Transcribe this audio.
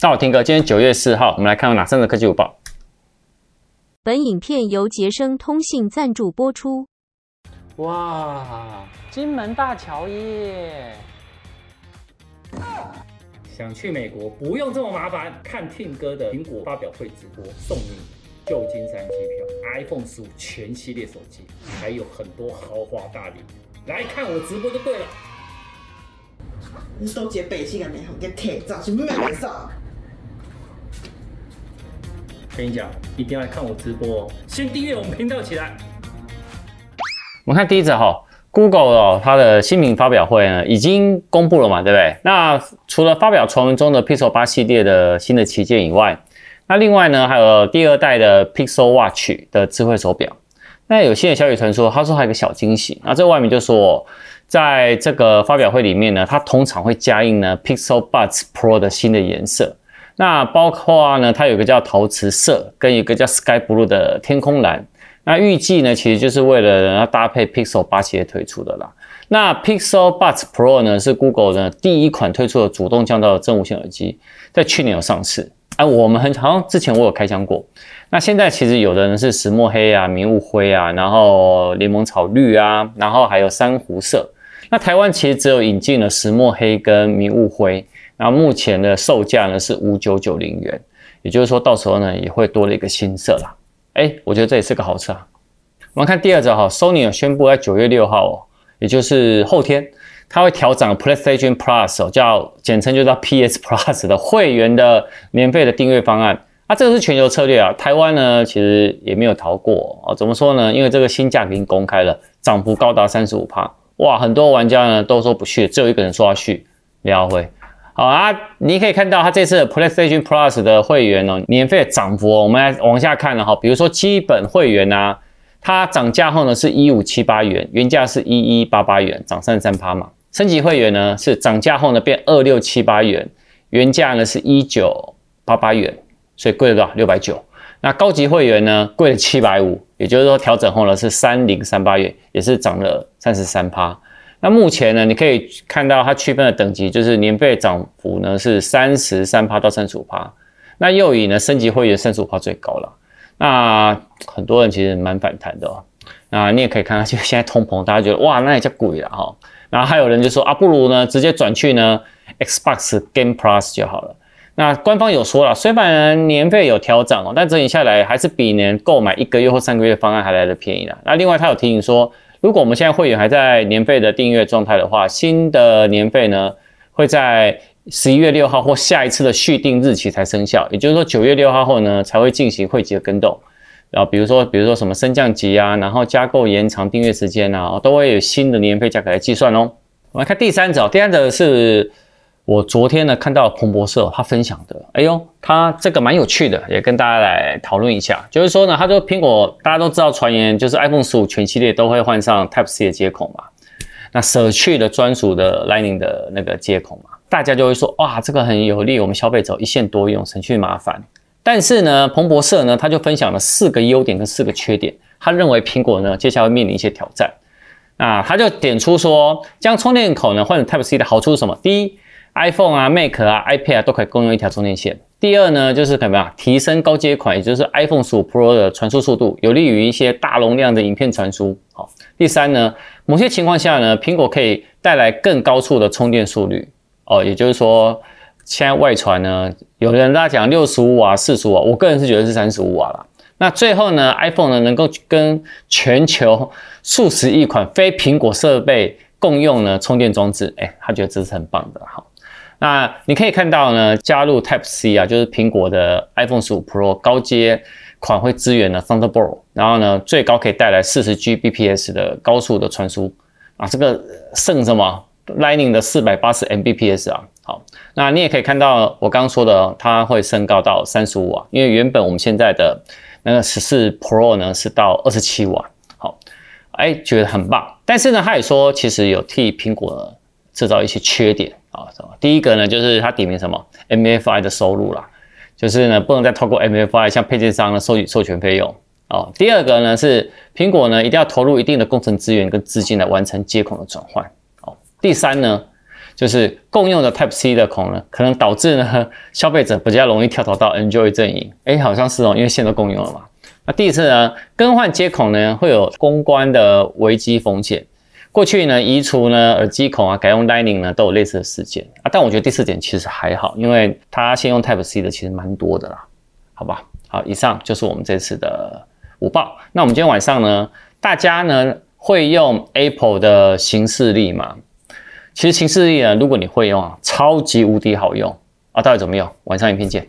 大家好，Tim 哥，今天九月四號，我們來看看哪三個科技午報。本影片由傑生通信贊助播出。哇，金門大橋耶！想去美國不用這麼麻煩，看 Tim 哥的蘋果發表會直播，送你舊金山機票、iPhone 十五全系列手機，還有很多豪華大禮，來看我直播就對了。你收起北青的、啊、你好，你鐵照，全部買走。跟你講，一定要看我直播，哦。先訂閱我們頻道起來。我們看第一則哈、哦、，Google 哦，它的新品發表會呢已經公布了嘛，對不對？那除了發表傳聞中的 Pixel 8系列的新的旗艦以外，那另外呢還有第二代的 Pixel Watch 的智慧手錶。那有些小語傳說，他說還有個小驚喜。那這外面就說，在這個發表會裡面呢，它通常會加印呢 Pixel Buds Pro 的新的顏色。那包括呢，它有一個叫陶瓷色，跟一個叫 Sky Blue 的天空藍。那預計呢，其實就是為了要搭配 Pixel 八系列推出的啦。那 Pixel Buds Pro 呢，是 Google 的第一款推出的主動降噪的真無線耳機，在去年有上市。啊，我們很，好像之前我有開箱過。那現在其實有的人是石墨黑啊、迷霧灰啊，然後檸檬草綠啊，然後還有珊瑚色。那台灣其實只有引進了石墨黑跟迷霧灰。後、啊、目前的售價呢是五九九零元，也就是說，到時候呢也會多了一個新色啦。哎、欸，我覺得這也是個好事啊。我們看第二則哈，Sony 有宣布在九月六號、哦，也就是後天，它會調整 PlayStation Plus、哦、叫簡稱就叫 PS Plus 的會員的年費的訂閱方案。啊，這個是全球策略啊，台灣呢其實也沒有逃過、哦、啊。怎麼說呢？因為這個新價已經公開了，漲幅高達三十五趴。哇，很多玩家呢都說不去，只有一個人說要去，聊會。好、哦、啊，你可以看到它這次的 PlayStation Plus 的會員哦，年費漲幅，我們來往下看了哈。比如說基本會員、啊、呢，它漲價後呢是一五七八元，原價是一一八八元，漲三十三趴嘛。升級會員呢是漲價後呢變二六七八元，原價呢是一九八八元，所以貴了多少？六百九。那高級會員呢貴了七百五，也就是說調整後呢是三零三八元，也是漲了三十三趴。那目前呢，你可以看到它區分的等級，就是年費漲幅呢是三十三趴到三十五趴，那又以呢升級會員三十五趴最高了。那很多人其實蠻反彈的，哦。那你也可以看下就現在通膨，大家覺得哇，那也叫貴了哈。然後還有人就說啊，不如呢直接轉去呢 Xbox Game Plus 就好了。那官方有說了，雖然年費有調漲哦，但整理下來還是比年購買一個月或三個月方案還來得便宜啦。那另外他有提醒說。如果我們現在會員還在年費的訂閱狀態的話，新的年費呢會在十一月六號或下一次的續訂日期才生效，也就是說九月六號後呢才會進行會籍的更動，啊，比如說比如說什麼升降級啊，然後加購延長訂閱時間啊，都會有新的年費價格來計算哦。我們來看第三者，第三者是。我昨天呢看到彭博社他分享的，哎呦，他這個蠻有趣的，也跟大家來討論一下。就是說呢，他說蘋果大家都知道，傳言就是 iPhone 15全系列都會換上 Type C 的接口嘛，那捨去了專屬的 Lightning 的那個接口嘛，大家就會說哇，這個很有利我們消費者一線多用，省去麻煩。但是呢，彭博社呢他就分享了四個優點跟四個缺點，他認為蘋果呢接下來會面臨一些挑戰。啊，他就點出說，將充電口呢換成 Type C 的好處是什麼？第一。iPhone 啊，Mac 啊，iPad 啊都可以共用一條充電線。第二呢，就是怎麼樣提升高階款，也就是 iPhone 十五 Pro 的傳輸速度，有利於一些大容量的影片傳輸。好，哦，第三呢，某些情況下呢，蘋果可以帶來更高處的充電速率。哦，也就是說，現在外傳呢，有的人大家講六十五瓦、四十五瓦，我個人是覺得是三十五瓦啦。那最後呢，iPhone 呢能夠跟全球數十億款非蘋果設備共用呢充電裝置，誒、欸，他覺得這是很棒的。好。那你可以看到呢，加入 Type C 啊，就是蘋果的 iPhone 15 Pro 高階款會支援呢 Thunderbolt，然後呢，最高可以帶來40 Gbps 的高速的傳輸啊，這個剩什麼 Lightning 的480 Mbps 啊。好，那你也可以看到我剛剛說的，它會升高到35瓦，因為原本我們現在的那個十四 Pro 呢是到27瓦。好，哎、欸，覺得很棒，但是呢，他也說其實有替蘋果呢。製造一些缺點啊、哦，第一個呢就是它點名什麼 MFI 的收入啦，就是呢不能再透過 MFI 向配件商呢收取授權費用哦。第二個呢是蘋果呢一定要投入一定的工程資源跟資金來完成接口的轉換哦。第三呢就是共用的 Type C 的孔呢，可能導致呢消費者比較容易跳槽到 Enjoy 陣營。誒、欸，好像是哦，因為線都共用了嘛。那第四呢，更換接口呢會有公關的危機風險。過去呢，移除呢耳機孔啊，改用 Lightning 呢，都有類似的事件啊。但我覺得第四點其實還好，因為它先用 Type C 的其實蠻多的啦，好吧？好，以上就是我們這次的午報。那我們今天晚上呢，大家呢會用 Apple 的行事曆嗎？其實行事曆呢，如果你會用啊，超級無敵好用啊。到底怎麼用？晚上影片見。